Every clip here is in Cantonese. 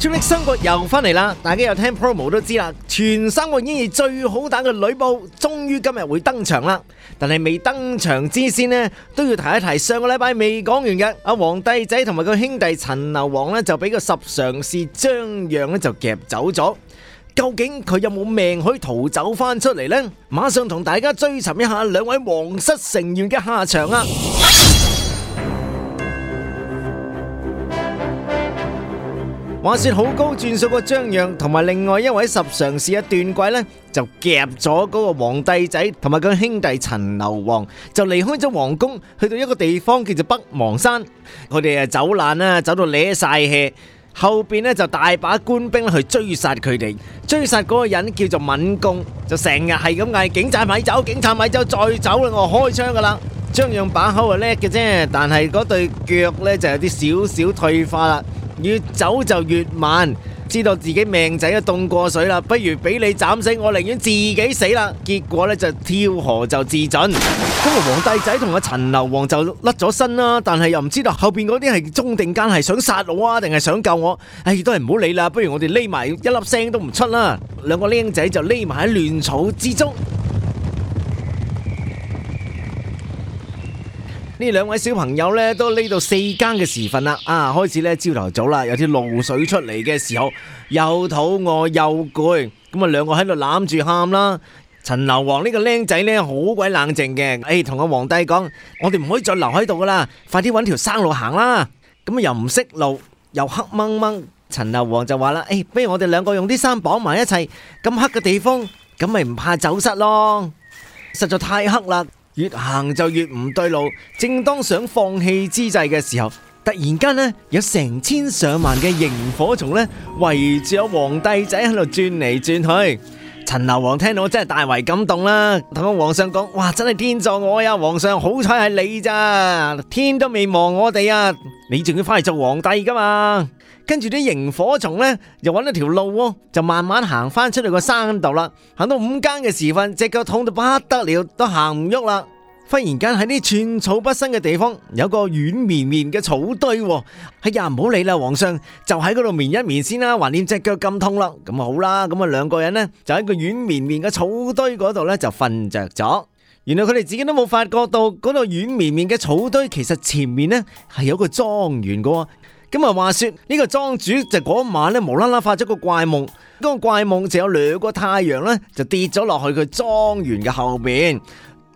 朱古力三國又返嚟啦！大家有聽 promo 都知啦，全三國演義最好打嘅呂布，終於今日會登場啦。但係未登場之先呢，都要提一提上個禮拜未講完嘅阿皇帝仔同埋個兄弟陳留王呢，就俾個十常侍張讓呢，就夾走咗。究竟佢有冇命可以逃走翻出嚟呢？馬上同大家追尋一下兩位皇室成員嘅下場啊！話說好高轉數個張讓同埋另外一位十常侍阿段貴呢，就夾咗嗰個皇帝仔同埋佢兄弟陳留王，就離開咗皇宮，去到一個地方叫做北邙山。佢哋啊走爛啦，走到唎晒氣，後邊呢，就大把官兵去追殺佢哋。追殺嗰個人叫做敏公，就成日係咁嗌警察咪走，警察咪走，再走啦！我開槍噶啦。張讓把口啊叻嘅啫，但係嗰對腳呢，就有啲少少退化啦。越走就越慢，知道自己命仔都凍過水啦，不如俾你斬死，我寧願自己死啦。結果呢，就跳河就自盡。咁啊， 皇帝仔同阿陳留王就甩咗身啦，但係又唔知道後邊嗰啲係忠定奸係想殺我啊，定係想救我？唉、哎，都係唔好理啦，不如我哋匿埋一粒聲都唔出啦。兩個僆仔就匿埋喺亂草之中。呢兩位小朋友呢，都嚟到四更嘅時分啦，啊開始呢朝頭早啦，有啲露水出嚟嘅時候，又肚餓又攰，咁啊兩個喺度攬住喊啦。陳留王呢個僆仔呢，好鬼冷靜嘅，誒同個皇帝講，我哋唔可以再留喺度噶啦，快啲搵條生路行啦。咁啊又唔識路又黑掹掹，陳留王就話啦，誒、哎、不如我哋兩個用啲衫綁埋一齊，咁黑嘅地方咁咪唔怕走失咯，實在太黑啦。越行就越唔對路，正當想放棄之際嘅時候，突然間呢，有成千上萬嘅螢火蟲呢圍住個皇帝仔喺度轉嚟轉去。陳留王聽到真係大為感動啦，同個皇上講，哇，真係天助我呀！皇上，好彩係你咋，天都未亡我哋呀，你仲要翻嚟做皇帝噶嘛？跟住啲螢火蟲咧，又搵咗條路，就慢慢行翻出嚟個山度啦。行到五更嘅時分，隻腳痛到不得了，都行唔喐啦。忽然間喺呢寸草不生嘅地方，有個軟綿綿嘅草堆。哎呀，唔好理啦，皇上就喺嗰度眠一眠先啦，還念隻腳咁痛啦。咁好啦，咁啊兩個人呢，就喺個軟綿綿嘅草堆嗰度呢，就瞓着咗。原來佢哋自己都冇發覺到嗰個軟綿綿嘅草堆其實前面呢係有個莊園噶。咁啊，話說呢個莊主就嗰晚呢無啦啦發咗個怪夢，嗰個怪夢就有兩個太陽呢，就跌咗落去佢莊園嘅後面。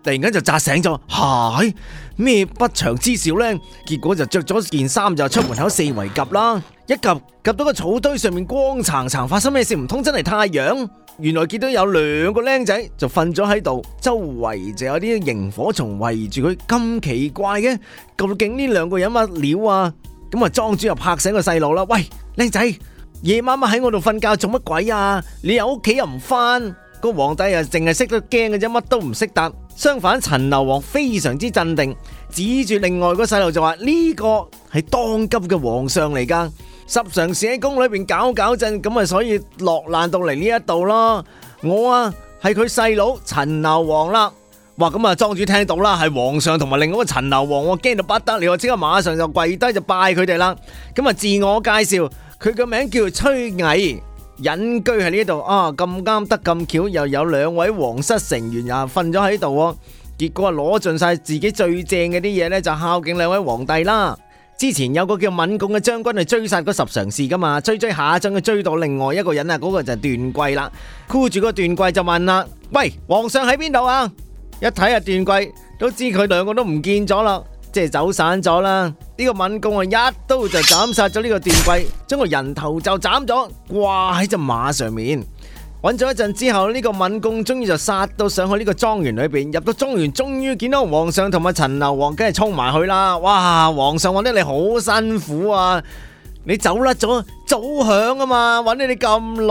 突然間就扎醒咗，啊，係咩不祥之兆呢？結果就着咗件衫就出門口四圍及啦，一及及到個草堆上面光燦燦，發生咩事，唔通真係太陽？原來見到有兩個靚仔就瞓咗喺度，周圍就有啲螢火蟲圍住佢，咁奇怪嘅，究竟呢兩個人乜料啊？咁啊，莊主又拍醒個細路啦，喂，靚仔，夜媽媽喺我度瞓覺做乜鬼啊？你喺屋企又唔返？個皇帝又淨係識得驚嘅啫，乜都唔識。但相反，陳留王非常之鎮定，指住另外個細路就話：呢個係當今嘅皇上嚟噶。十常侍喺宮裏邊搞搞震，咁啊，所以落難到嚟呢一度咯。我啊係佢細佬陳留王啦。哇，咁啊莊主聽到啦，係皇上同埋另外一個陳留王。我驚到不得了，即刻馬上就跪低就拜佢哋啦。咁啊自我介紹，佢個名叫崔毅。隱居喺呢度啊，咁啱得咁巧，又有兩位皇室成員啊瞓咗喺度哦，結果啊攞盡晒自己最正嘅啲嘢咧，就孝敬兩位皇帝啦。之前有個叫敏貢嘅將軍嚟追殺嗰十常侍噶嘛，追追下將佢追到另外一個人啊，嗰個就段貴啦。箍住個段貴就問啦：喂，皇上喺邊度啊？一睇啊，段貴都知佢兩個都唔見咗啦。即係走散咗啦！呢、這個閔貢啊，一刀就斬殺咗呢個段珪，將個人頭就斬咗，掛喺隻馬上面。揾咗一陣之後，呢、這個閔貢終於就殺到上去呢個莊園裏邊，入到莊園，終於見到皇上同埋陳留王，梗係衝埋去啦！哇，皇上揾得你好辛苦啊！你走甩咗，早響啊嘛，揾你哋咁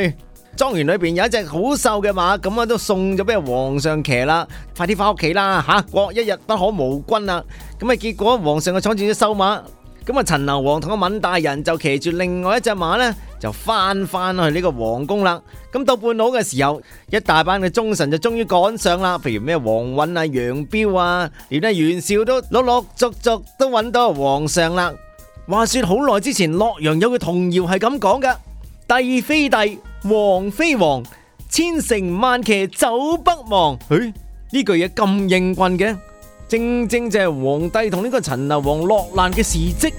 耐。莊園裏邊有一隻好瘦嘅馬，咁啊都送咗俾皇上騎啦，快啲翻屋企啦吓！國一日不可無君啊！咁啊結果皇上啊坐住隻瘦馬，咁啊陳留王同阿閔大人就騎住另外一隻馬呢，就翻翻去呢個皇宮啦。咁到半路嘅時候，一大班嘅忠臣就終於趕上啦，譬如咩王允啊、楊彪啊，連阿袁紹都陸陸續續都搵到皇上啦。話說好耐之前洛陽有句童謠係咁講嘅：帝非帝。王非王，千乘萬騎走北邙。誒，呢句嘢咁應棍嘅，正正就係皇帝同呢個陳留王落難嘅事迹。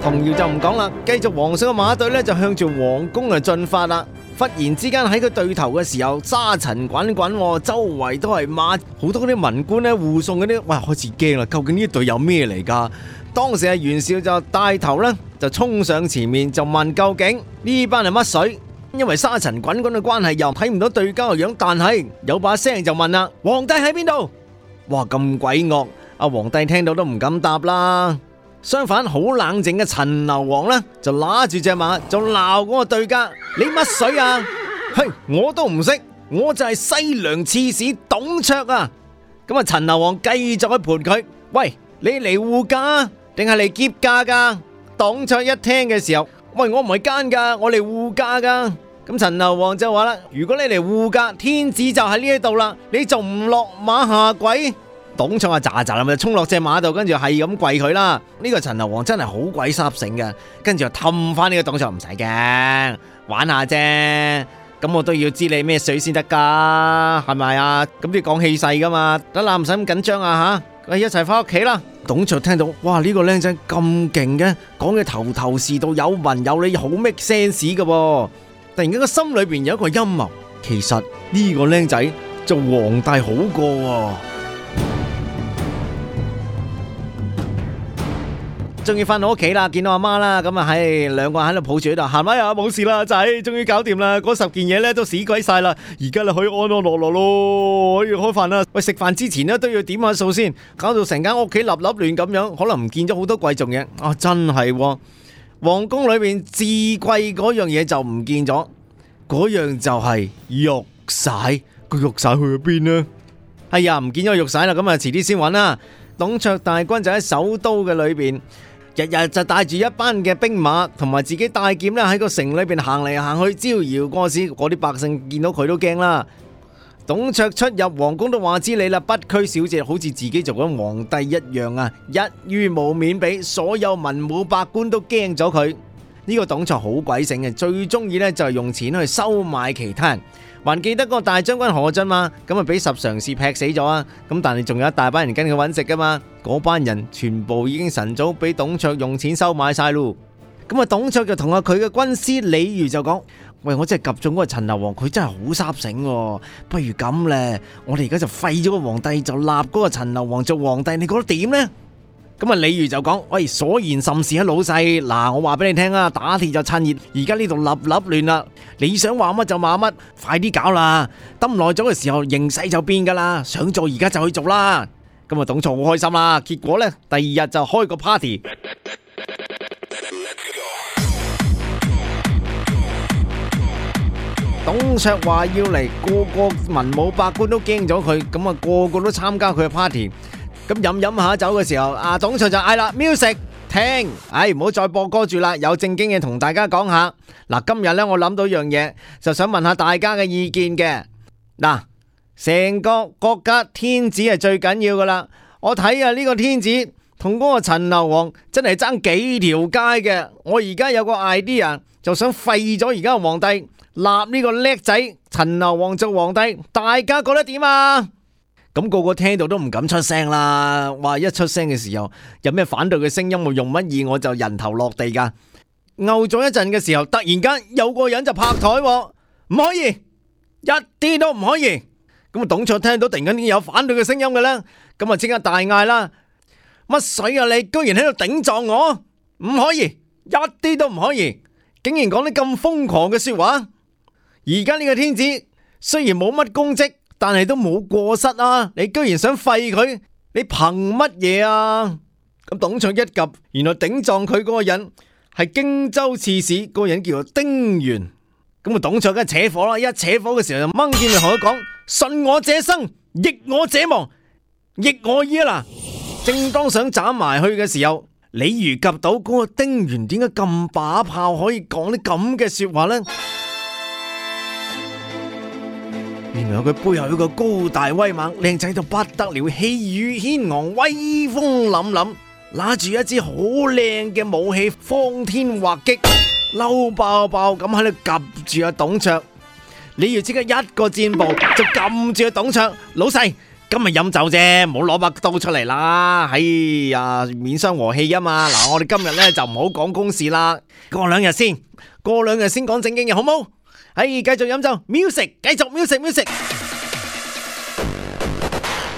童謠 就唔講啦，繼續皇上嘅馬隊呢就向住皇宮啊進發啦。忽然之間喺佢對頭嘅時候，沙塵滾滾，周圍都係馬，好多嗰啲文官呢護送嗰啲，哇開始驚啦，究竟呢隊有咩嚟噶？當時係袁紹就帶頭呢，就衝上前面就問究竟呢班係乜水？因為沙塵滾滾嘅關係，又睇唔到對家嘅樣，但係有把聲就問啦，啊：皇帝喺邊度？哇咁鬼惡！阿皇帝聽到都唔敢答啦。相反好冷靜嘅陳留王呢，就揦住隻馬就鬧嗰個對家：你乜水啊？哼，我都唔識，我就係西涼刺史董卓啊！咁啊，陳留王繼續去盤佢：喂，你嚟護駕？定係嚟劫駕噶？董卓一聽嘅時候，喂，我唔係奸噶，我嚟護駕噶。咁陳留王就話啦：如果你嚟護駕，天子就喺呢一度啦，你仲唔落馬下跪？董卓啊，咋咋臨就衝落隻馬度，跟住係咁跪佢啦。呢個陳留王真係好鬼生醒噶，跟住又氹翻呢個董卓唔使驚，玩下啫。咁我都要知你咩水先得噶，係咪啊？咁都要講氣勢噶嘛，得啦，唔使咁緊張啊吓。你一齊返屋企啦！董卓聽到，哇，呢個僆仔咁勁嘅，講嘢頭頭是道，有文有理，好 make sense 嘅噃。突然間個心裏邊有一個陰謀，其實呢個僆仔做皇帝好過。終於翻到屋企啦，見到阿媽啦，咁啊，嘿，兩個人喺度抱住喺度，行啦，又冇事啦，仔，終於搞掂啦，嗰十件嘢咧都死鬼曬啦，而家咧可以安安樂樂咯，可以開飯啦。喂，食飯之前咧都要點下數先，搞到成間屋企立立亂咁樣，可能唔見咗好多貴重嘢。啊，真係喎，皇宮裏面至貴嗰樣嘢就唔見咗，嗰樣就係玉璽，個玉璽去咗邊啊？係啊，唔見咗個玉璽啦，咁啊，遲啲先揾啦。董卓大軍就喺首都嘅裏面。日日就帶住一班嘅兵馬，同埋自己帶劍咧，喺個城裏邊行嚟行去招搖過市，嗰啲百姓見到佢都驚啦。董卓出入皇宮都話知你啦，不拘小節，好似自己做緊皇帝一樣啊！一於冇面俾所有文武百官都驚咗佢。呢、這個董卓好鬼性嘅，最中意咧就係用錢去收買其他人。還記得嗰個大將軍何進嘛？咁啊俾十常侍劈死咗啊！咁但係仲有一大班人跟佢搵食噶嘛？嗰班人全部已經晨早俾董卓用錢收買晒咯。咁啊董卓就同下佢嘅軍師李儒就講：，喂，我真係及中嗰個陳留王，佢真係好沙繩，不如咁呢，我哋而家就廢咗個皇帝，就立嗰個陳留王做皇帝，你覺得點呢？咁啊！李儒就講：，喂，所言甚是啊，老細，嗱，我話俾你聽啊，打鐵就趁熱，而家呢度立立亂啦，你想話乜就話乜，快啲搞啦，等耐咗嘅時候形勢就變噶啦，想做而家就去做啦。咁啊，董卓好開心啦，結果呢，第二日就開個 party。 董卓話要嚟，個個文武百官都驚咗佢，咁啊，個個都參加佢嘅 party。咁飲飲下酒嘅時候，阿董卓就嗌啦：music 停！哎，唔好再播歌住啦，有正經嘢同大家講下。嗱，今日呢，我諗到一樣嘢，就想問下大家嘅意見嘅。嗱，成個國家天子係最緊要噶啦。我睇下呢個天子同嗰個陳留王真係爭幾條街嘅。我而家有個 idea，就想廢咗而家嘅皇帝，立呢個叻仔陳留王做皇帝。大家覺得點啊？咁個個聽到都唔敢出聲啦！話，一出聲嘅時候有咩反對嘅聲音，會用乜嘢我就人頭落地噶。吽咗一陣嘅時候，突然間有個人就拍台、喎，唔可以，一啲都唔可以。咁啊，董卓聽到突然間有反對嘅聲音嘅啦，咁啊即刻大嗌啦！乜水啊你，居然喺度頂撞我，唔可以，一啲都唔可以，竟然講啲咁瘋狂嘅說話。而家呢個天子雖然冇乜功績。但係都冇過失啊！你居然想廢佢，你憑乜嘢啊？咁董卓一及，原來頂撞佢嗰個人係荊州刺史，嗰個人叫做丁原。咁啊，董卓梗係扯火啦！一扯火嘅時候就掹劍嚟同佢講：信我者生，逆我者亡，逆我矣啊！嗱，正當想斬埋去嘅時候，李儒及到嗰個丁原，點解咁把炮可以講啲咁嘅說話呢？原來佢背後有個高大威猛、靚仔到不得了、氣宇軒昂、威風凜凜，拿住一支好靚嘅武器，方天畫戟，嬲爆爆咁喺度夾住阿董卓。李儒即刻一個箭步就撳住阿董卓。老細今日飲酒啫，唔好攞把刀出嚟啦，哎呀，免傷和氣啊嘛。嗱，我哋今日咧就唔好講公事啦，過兩日先，過兩日先講正經嘅好冇？哎，繼續飲酒，music，繼續 music，music。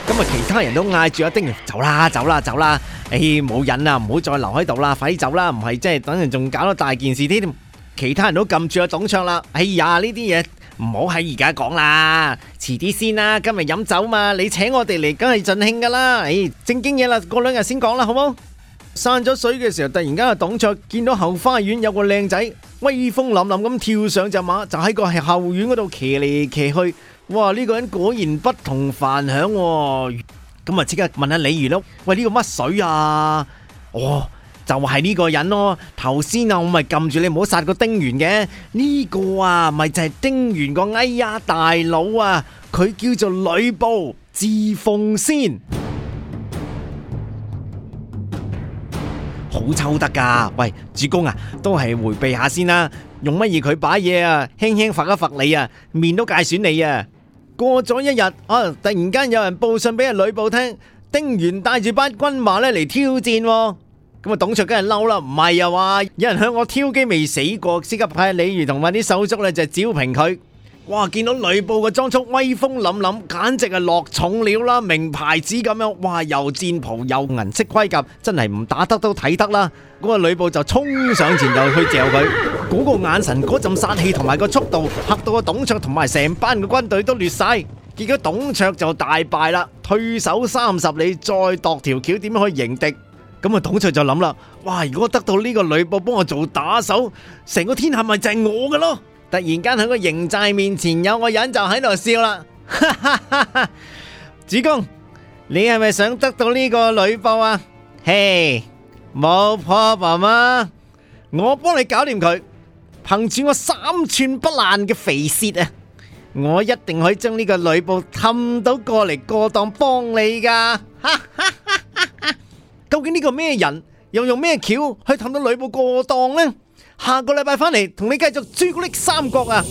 今日，其他人都嗌住阿丁，走啦，走啦，走啦。哎，冇忍啦，唔好再留喺度啦，快啲走啦，唔係即係等人仲搞到大件事添。其他人都撳住阿董卓啦。哎呀，呢啲嘢唔好喺而家講啦，遲啲先啦。今日飲酒嘛，你請我哋嚟，梗係盡興噶啦。哎，正經嘢啦，過兩日先講啦，好冇？散咗水嘅時候，突然間阿董卓見到後花園有個靚仔。威風凜凜咁跳上隻馬，就喺個後院嗰度騎嚟騎去。哇！呢個人果然不同凡響。咁啊，即刻問下李儒咯。喂，呢個乜水啊？哦，就係呢個人咯。頭先啊，我咪撳住你唔好殺個丁原嘅。呢個啊，咪就係丁原個。哎呀，大佬啊，佢叫做呂布，字奉先。好抽得噶，喂，主公啊，都係回避下先啦。用乜嘢佢把嘢啊，輕輕罰一罰你啊，面都介損你啊。過咗一日啊，突然間有人報信俾阿呂布聽，丁原帶住班軍馬咧嚟挑戰。咁啊，董卓梗係嬲啦，唔係又話有人向我挑機未死過，即刻派李儒同埋啲手足咧就招平佢。哇！見到呂布個裝束威風凜凜，簡直係落重料啦，名牌子咁樣。哇！又戰袍又銀色盔甲，真係唔打得都睇得啦。嗰、那個呂布就衝上前就去嚼佢，嗰、那個眼神、嗰陣殺氣同埋個速度，嚇到個董卓同埋成班嘅軍隊都亂晒。結果董卓就大敗啦，退守三十里再度條橋，點樣去迎敵？咁啊，董卓就諗啦：哇！如果得到呢個呂布幫我做打手，成個天下咪就係我嘅咯！突然間喺個營寨面前有個人就喺度笑啦。 主公，你係咪想得到呢個呂布啊？嘿，冇可能啊！我幫你搞掂佢，憑住我三寸不爛嘅肥舌啊，我一定可以將呢個呂布氹到過嚟過檔幫你噶。究竟呢個咩人又用咩橋去氹到呂布過檔呢？下個禮拜返嚟同你繼續朱古力三國啊！